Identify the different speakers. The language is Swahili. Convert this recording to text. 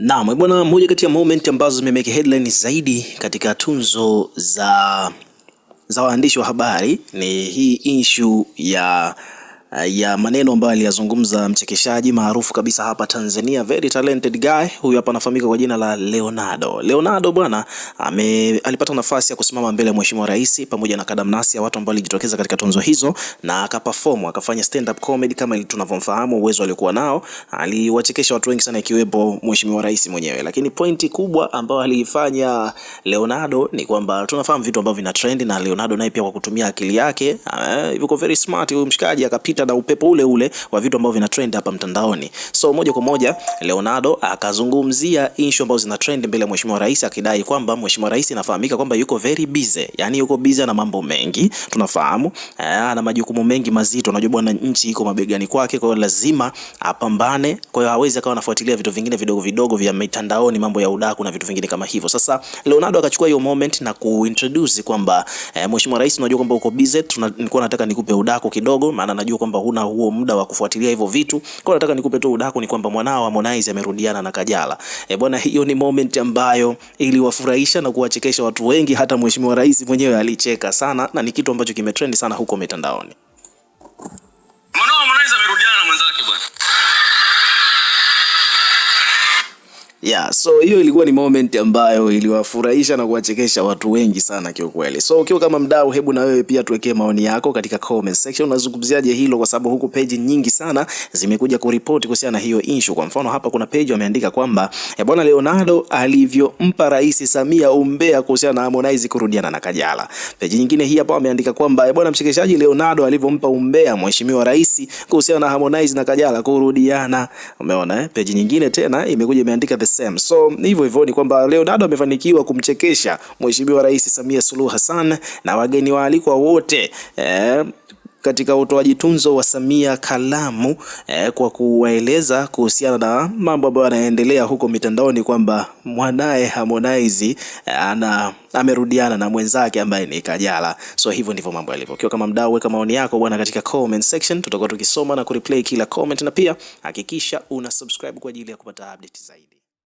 Speaker 1: Naam, eh, bwana, moja kati ya moment ambazo zimemeke headline zaidi katika tunzo za za waandishi wa habari ni hii issue ya Eh, ya maneno ambayo aliyazungumza mchekeshaji maarufu kabisa hapa Tanzania, very talented guy. Huyu hapa anafahamika kwa jina la Leonardo. Leonardo bwana ame, alipata nafasi ya kusimama mbele ya Mheshimiwa Rais pamoja na kadamnasi ya watu ambao walijitokeza katika tunzo hizo, na akaperform akafanya stand up comedy kama tunavyomfahamu, uwezo aliokuwa nao, aliwachekesha watu wengi sana, ikiwepo Mheshimiwa Rais mwenyewe. Lakini pointi kubwa ambayo aliifanya Leonardo ni kwamba tunafahamu vitu ambavyo vina trend, na Leonardo naye pia kwa kutumia akili yake eh, yuko very smart huyu mshikaji akapita muktadha upepo ule ule wa vitu ambavyo vina trend hapa mtandaoni. So moja kwa moja Leonardo akazungumzia issue ambazo zina trend mbele ya mheshimiwa rais, akidai kwamba mheshimiwa rais inafahamika kwamba yuko very busy, yani yuko busy na mambo mengi tunafahamu, eh, ana majukumu mengi mazito. Unajua bwana, nchi iko mabegani kwake, kwa hiyo lazima apambane. Kwa hiyo hawezi akawa anafuatilia vitu vingine vidogo vidogo vya mitandaoni, mambo ya udaku na vitu vingine kama hivyo. Sasa Leonardo akachukua hiyo moment na kuintroduce kwamba eh, mheshimiwa rais, unajua kwamba uko busy, nilikuwa nataka nikupe udaku kidogo, maana najua kwamba huna huo muda wa kufuatilia hivyo vitu. Kwa nataka nikupe tu udako ni kwamba mwanao Harmonize amerudiana na Kajala. Eh, bwana hiyo ni moment ambayo iliwafurahisha na kuwachekesha watu wengi, hata Mheshimiwa Rais mwenyewe alicheka sana na ni kitu ambacho kimetrend sana huko mitandaoni. Yeah, so hiyo ilikuwa ni moment ambayo iliwafurahisha na kuwachekesha watu wengi sana kiukweli. So ukiwa kama mdau, hebu na wewe pia tuwekee maoni yako katika comment section. Unazungumziaje hilo? Kwa sababu huku page nyingi sana zimekuja kuripoti kuhusiana na hiyo issue. Kwa mfano hapa kuna page wameandika kwamba eh, bwana Leonardo alivyompa Rais Samia umbea kuhusiana na Harmonize kurudiana na Kajala. Page nyingine hii hapa wameandika kwamba eh, bwana mchekeshaji Leonardo alivyompa umbea mheshimiwa rais kuhusiana na Harmonize na Kajala kurudiana. Umeona eh? Page nyingine tena imekuja imeandika the same. So hivyo hivyo ni kwamba Leonardo amefanikiwa kumchekesha Mheshimiwa Rais Samia Suluhu Hassan na wageni waalikwa wote eh, katika utoaji tunzo wa Samia Kalamu eh, kwa kuwaeleza kuhusiana na mambo ambayo yanaendelea huko mitandaoni kwamba mwanaye Harmonize eh, ana amerudiana na mwenzake ambaye ni Kajala. So hivyo ndivyo mambo yalivyo. Ukiwa kama mdau, weka maoni yako bwana katika comment section, tutakuwa tukisoma na kureplay kila comment, na pia hakikisha una subscribe kwa ajili ya kupata update zaidi.